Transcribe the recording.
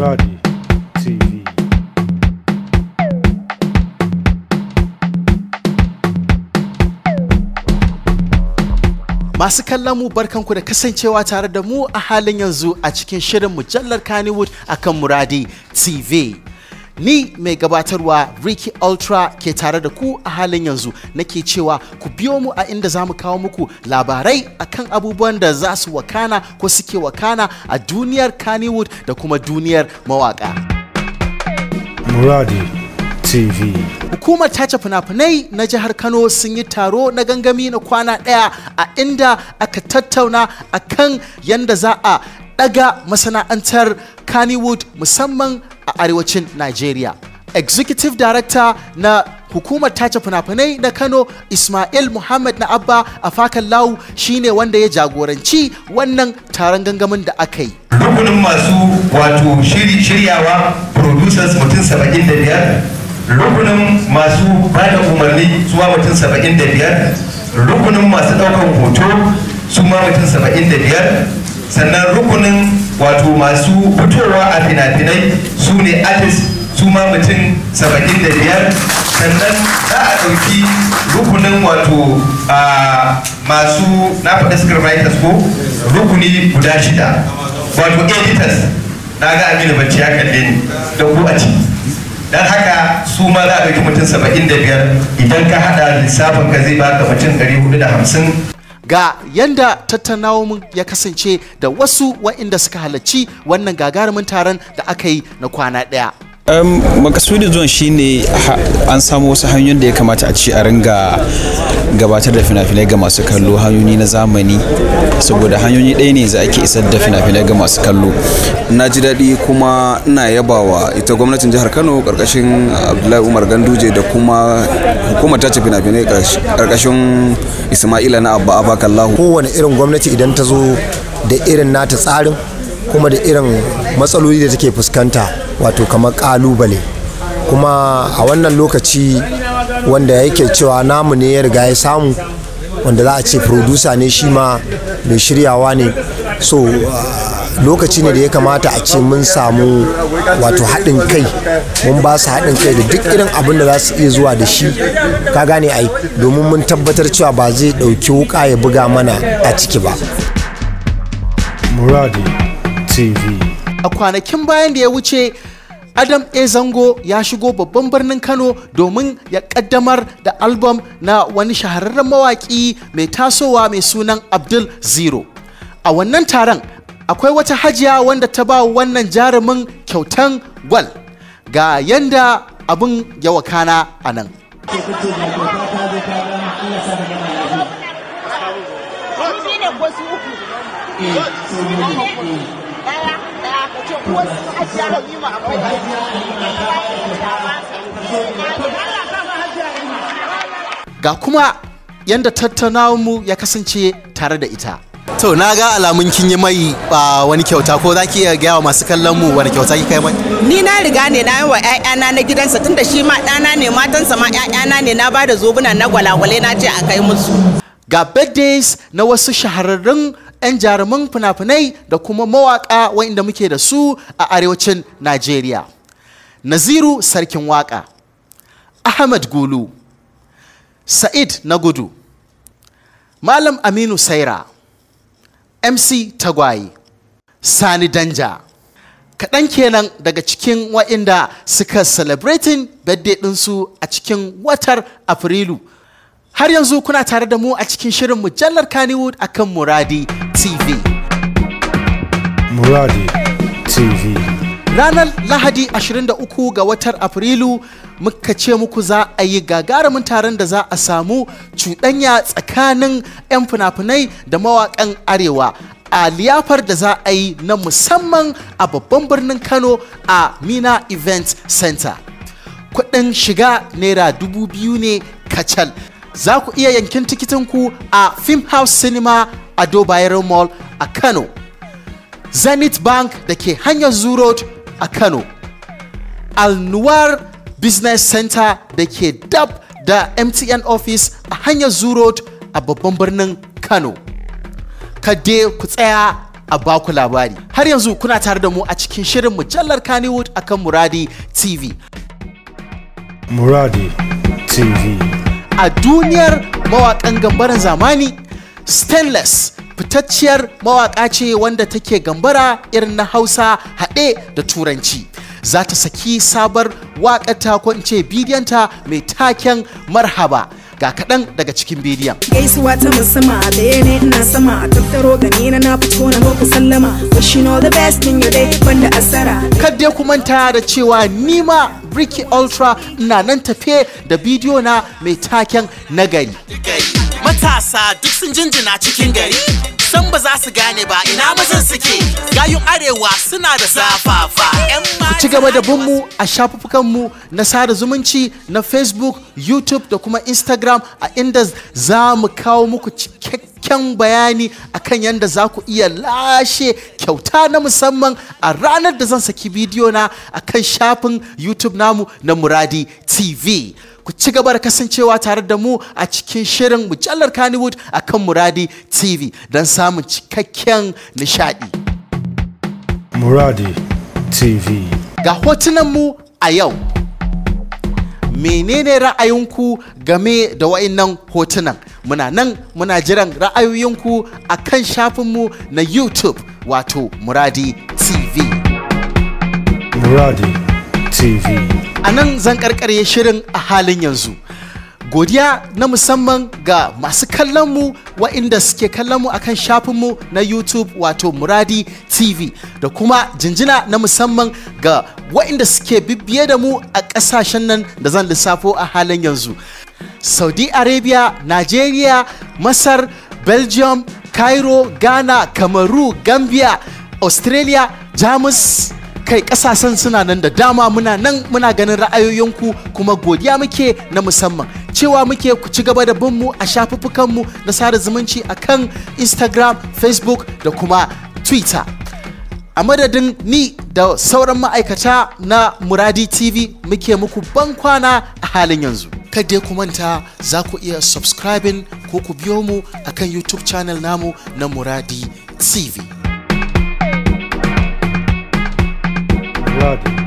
Roddy TV. Masu kallon mu barkanku da kasancewa tare da mu a halin yanzu a cikin shirin mujallar Kannywood akan Muradi TV. ni mai gabatarwa Ricky Ultra ke tare da ku a halin yanzu nake cewa ku biyo mu a inda za mu kawo muku labarai akan abubuwan da za su wakana ko suke wakana a duniyar Kannywood da kuma duniyar mawaka. Muradi TV. Hukumar tace finafinai na jihar Kano sun yi taro na gangami na kwana ɗaya a inda aka tattauna akan yadda za a daga masana'antar Kannywood musamman a arewacin Najeriya. Executive Director na hukumar tace fina-finai na Kano Ismail Muhammad na Abba a fakan lawu shine wanda ya jagoranci wannan taron gangamin da aka yi. Rukunin masu wato shiryawa producers mutum saba'in da biyar, rukunin masu bada umarni zuwa mutum saba'in da biyar, rukunin masu ɗaukar hoto su ma mutum saba'in da biyar, sannan rukunin wato masu fitowa a fina-finai su ne artist su ma mutum saba'in da biyar sannan za a ɗauki rukunin wato masu na faɗi scriptwriters ko rukuni guda shida wato editors na ga amina bacci ya kalle ni da ku a ci don haka su ma za a ɗauki mutum saba'in da biyar idan ka haɗa lissafin ka zai baka mutum ɗari hudu da hamsin ga yanda tattaunawar ya kasance da wasu wa'inda suka halarci wannan gagarumin taron da aka yi na kwana ɗaya. makasudin zuwan shine an samu wasu hanyoyin da ya kamata a ci a ringa gabatar da fina-finai ga masu kallo hanyoyi na zamani saboda hanyoyi ɗaya ne za a ke isar da fina-finai ga masu kallo na ji daɗi kuma ina yabawa ita gwamnatin jihar kano ƙarƙashin ah, abdullahi umar ganduje da kuma hukumar tace fina-finai ƙarƙashin ismaila na abba abakallahu kowane irin gwamnati idan ta zo da irin nata tsarin kuma da irin matsaloli da take fuskanta wato kamar kalubale kuma a wannan lokaci wanda yake cewa namu ne ya riga ya samu wanda za a ce producer ne shi ma mai shiryawa ne so ah, lokaci ne da ya kamata a ce mun samu wato haɗin kai mun ba su haɗin kai da duk irin abin da za su iya zuwa da shi ka gane ai domin mun tabbatar cewa ba zai ɗauki wuka ya buga mana a ciki ba muradi TV. A kwanakin bayan da ya wuce, Adam A. Zango ya shigo babban birnin Kano domin ya kaddamar da album na wani shahararren mawaƙi mai tasowa mai sunan Abdul Zero. A wannan taron, akwai wata hajiya wanda ta ba wannan jarumin kyautan gwal ga yanda abin ya wakana a nan. ga kuma yadda tattaunawarmu mu ya kasance tare da ita to na ga alamun kin yi mai wani kyauta ko za ki iya gaya wa masu kallon mu wani kyauta kika yi mai ni na riga ne na yi wa ƴaƴana na gidansa tunda shi ma ɗana ne matansa ma ƴaƴana ne na ba da zobuna na gwalagwale na ce a kai musu ga birthdays na wasu shahararrun 'yan jarumin fina-finai da kuma mawaƙa wa'inda muke da su a arewacin najeriya naziru sarkin waƙa ahmad gulu sa'id Nagudu. malam aminu saira mc tagwaye sani danja kaɗan kenan daga cikin wa'inda suka celebrating birthday ɗinsu a cikin watar afrilu har yanzu kuna tare da mu a cikin shirin mujallar kannywood akan muradi TV. Muradi TV. Ranar Lahadi 23 ga watan Afrilu muka ce muku za a yi gagarumin taron da za a samu cuɗanya tsakanin 'yan fina-finai da mawaƙan Arewa a liyafar da za a yi na musamman a babban birnin Kano a Mina Event Center. Kuɗin shiga Naira dubu biyu ne kacal. Za ku iya yankin tikitinku a Film House Cinema ado bayero mall a kano zenith bank da ke hanyar zoo road a kano alnuwar business center da ke dab da mtn office a hanyar zoo road a babban birnin kano kadai ku tsaya a baku labari har yanzu kuna tare da mu a cikin shirin mujallar kannywood akan muradi tv muradi tv a duniyar mawaƙan gambaran zamani stainless fitacciyar mawaƙa ce wanda take gambara irin na hausa haɗe da turanci za ta saki sabar waƙata ko in ce bidiyanta mai taken marhaba ga kaɗan daga cikin bidiyon. Gaisuwa ta musamman a ina sama a tattaro gani na na fito na boko sallama all the best in your day banda asara. Kadde ku manta da cewa nima Bricky Ultra ina nan tafe da bidiyo na mai taken nagari. matasa duk sun jinjina cikin gari san ba za su gane ba ina mazan suke gayun arewa suna da zafafa ku ci gaba da binmu a mu na sada zumunci na facebook youtube da kuma instagram a inda za mu kawo muku cikakken bayani akan yadda za ku iya lashe kyauta na musamman a ranar da zan saki bidiyo na akan shafin youtube namu na muradi tv ku ci gaba da kasancewa tare da mu a cikin shirin mujallar Kannywood a kan Muradi TV don samun cikakken nishaɗi. Muradi TV. Ga hotunanmu a yau. menene ra'ayinku game da wa'innan hotunan muna nan muna jiran ra'ayoyinku a kan shafinmu na youtube wato muradi tv muradi tv a nan zan karkare shirin a halin yanzu godiya na musamman ga masu kallon kallonmu wa'inda suke kallonmu akan mu na youtube wato muradi tv da kuma jinjina na musamman ga wa'inda suke bibbiye da mu a kasashen nan da zan lissafo a halin yanzu saudi arabia nigeria masar belgium cairo ghana kamaru gambia australia jamus kai kasashen suna nan da dama muna nan muna ganin ra'ayoyinku kuma godiya muke na musamman cewa muke ku ci gaba da bin mu a mu na sada zumunci akan instagram facebook da kuma twitter a madadin ni da sauran ma'aikata na muradi tv muke muku ban kwana a halin yanzu kada ku manta za ku iya subscribing ko ku biyo mu akan youtube channel namu na muradi tv Blood.